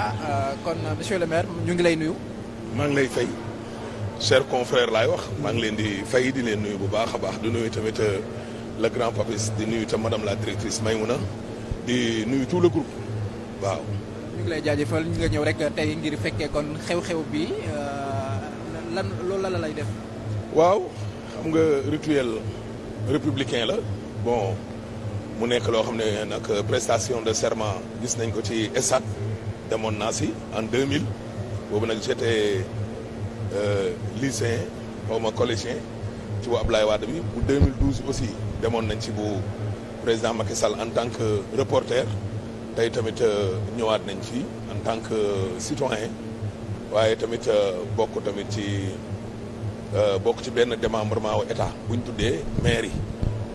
ah euh, kon euh, monsieur le maire ñu ngi lay nuyu. maa ngi lay fay cher confrère laay wax. maa ngi leen di fay di leen nuyu bu baax a baax di nuyu tamit euh, le grand papis di nuyu tam madame la directrice Maymouna di nuyu tout le groupe waaw. ñu ngi lay jaajëfal ñu nga ñëw rek tey ngir fekkee kon xew-xew bi lan loolu la la lay def. waaw xam nga rituel républicain la bon mu nekk loo xam ne nag prestation de serment gis nañ ko ci ESAT. demoon naa si en 2000 boobu nag j'étais euh, lycéen xaw ma collégien ci bu Ablaye Wade bi bu 2012 aussi demoon nañ ci bu président Macky Sall en tant que reporter tey tamit euh, ñëwaat nañ ci en tant que euh, citoyen waaye tamit bokk tamit ci bokk ci benn démembrement wu état bu ñu tuddee mairie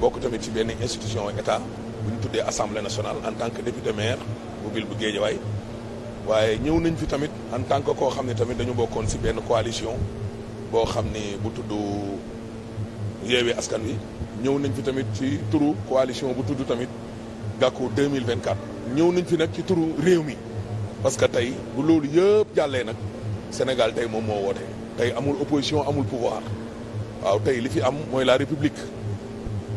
bokk tamit ci benn institution wu état bu ñu tuddee assemblée nationale en tant que député maire bu ville bu Guédiawaye waaye ñëw nañ fi tamit en tant que koo xam ne tamit dañu bokkoon si benn coalition boo xam ni bu tudd yeewee askan wi ñëw nañ fi tamit ci turu coalition bu tudd tamit Gakou 2024 ñëw nañ fi nag ci turu réew mi parce que tey bu loolu yëpp jàllee nag Sénégal tey moom moo woote tey amul opposition amul pouvoir waaw tey li fi am mooy laa république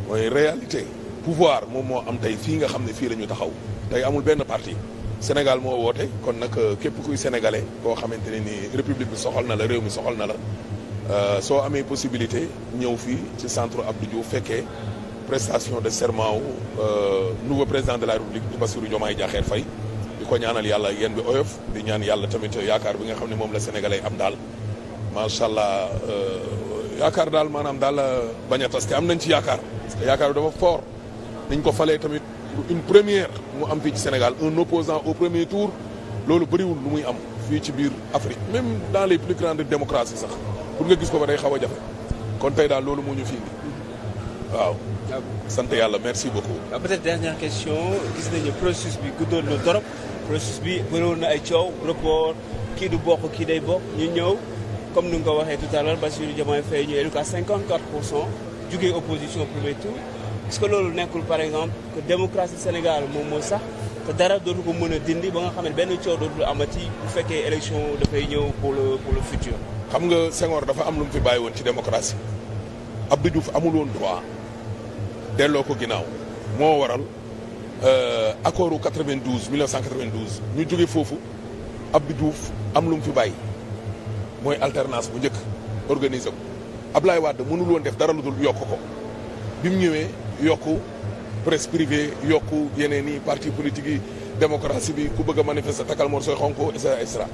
mooy réalité pouvoir moom moo am tey fii nga xam ne fii la ñu taxaw tey amul benn parti Sénégal moo woote kon nag euh, képp kuy sénégalais koo xamante ne ni république bi soxal na la réew mi soxal na la euh, soo amee possibilité ñëw fii ci centre Abdou Diouf fekkee prestation de serment wu euh, nouveau président de la république di Bassirou Diomaye Diakhar fay di ko ñaanal yàlla yéen bi oyof di ñaan yàlla tamit yaakaar bi nga xam ne moom la sénégalais am daal macha allah yaakaar daal maanaam daal baña a tas te am nañ ci yaakaar parce que yaakaar dafa fort niñ une première mu am fii ci Sénégal un opposant au premier tour loolu bëriwul lu muy am fii ci biir Afrique même dans les plus grandes démocraties sax pour nga gis ko ba day xaw a jafe kon tey daal loolu moo ñu fii waaw. sant yàlla merci beaucoup. waaw ah, dernière question gis nañu processus bi guddoon na torop processus bi bëriwoon na ay coow report kii du bokk kii day bokk ñu ñëw comme ni nga ko waxee tout à l'heure Bassirou Diomaye Faye ñu élu à 54 pour cent jugee opposition est-ce loolu nekkul par exemple que démocratie Sénégal moom moo sax te dara dootu ko mën a dindi ba nga xam ne benn coow dootul amati bu fekkee élection dafay ñëw pour le pour le futur. xam nga Senghor dafa am lu mu fi bàyyi woon ci démocratie Abdou Diouf amul woon droit delloo ko ginnaaw moo waral accord u 92 1992 ñu jóge foofu Abdou Diouf am lu mu fi bàyyi mooy alternance bu njëkk organiser ko Ablaye Wade mënul woon def dara lu dul yokk ko bi mu ñëwee. yokk presse privée yokku yeneen i parti politique yi démocratie bi ku bëgg a manifester takkal morceau xonk et cetera et cetera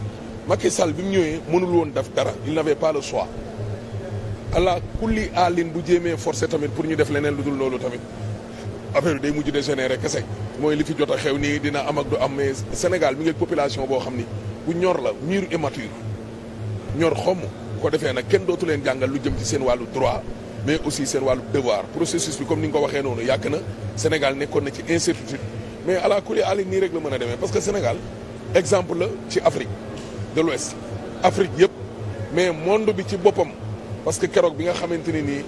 Macky Sall bi mu ñëwee mënul woon def dara il n'avait pas le choix allah kulli àllin bu jéemee forcé tamit pour ñu def leneen lu dul loolu tamit affaire bi day mujj rek kese mooy li fi jot a xew nii dina am ak du am Sénégal mi ngi population boo xam ni bu ñor la mûr et ñor xomm ko defee nag kenn dootu leen jàngal lu jëm ci seen wàllu droit mais aussi seen wàllu devoir processus bi comme ni nga ko waxee noonu yàgg na Sénégal nekkoon na ci incertitude mais à la coulée àli nii rek la mën a demee parce que Sénégal exemple la ci Afrique de l'Ouest Afrique yëpp mais monde bi ci boppam parce que keroog bi nga xamante ne nii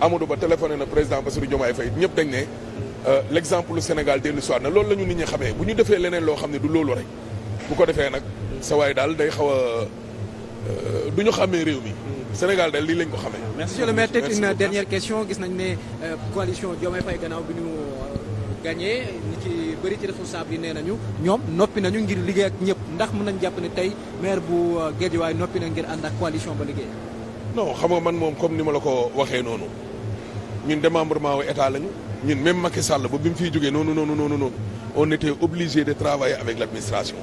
Amadou Ba téléphoné na président Bassirou Diomaye Faye ñëpp dañ ne euh, l' exemple Sénégal dellu soir na loolu la ñu nit ñi xamee bu ñu defee leneen loo xam ne du loolu rek bu ko defee nag sa waay daal day xaw a euh, du ñu xamee réew mi Sénégal daal lii lañ ko xamee. monsieur le maire teg une dernière question gis nañ ne euh, coalition Diomaye Faye gannaaw bi ñu euh, gagné ñi ci bëri ci responsable yi nee nañu ñoom noppi nañu ngir liggéey ak ñëpp ndax mën nañ jàpp ne tey maire bu euh, Guédiawaye noppi na ngir ànd ak coalition ba liggéey. non xam nga man moom comme ni ma la ko waxee noonu ñun démembrement wu état lañu ñun même Macky Sall ba bi mu fiy jógee noonu noonu noonu noonu on était obligé de travailler avec l'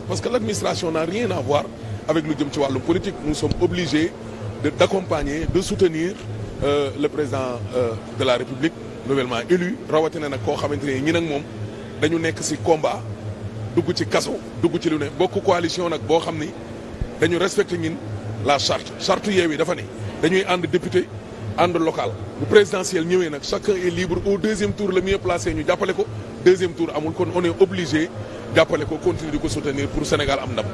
parce que l' administration n'a rien à jëm ci wàllum politique nous sommes de d'accompagner de soutenir euh, le président euh, de la République nouvellement élu rawatina nag koo xamante ne ñi nag moom dañu nekk ci combat dugg ci kaso dugg ci lu ne bokk coalition nag boo xam ni dañu respecté ñin la charte charte Yewwi dafa ne dañuy ànd député ànd local bu présidentiel ñëwee nag chacun est libre au deuxième tour le mieux placé ñu jàppale ko deuxième tour amul kon on est obligé jàppale ko continuer di ko soutenir pour Sénégal am ndam.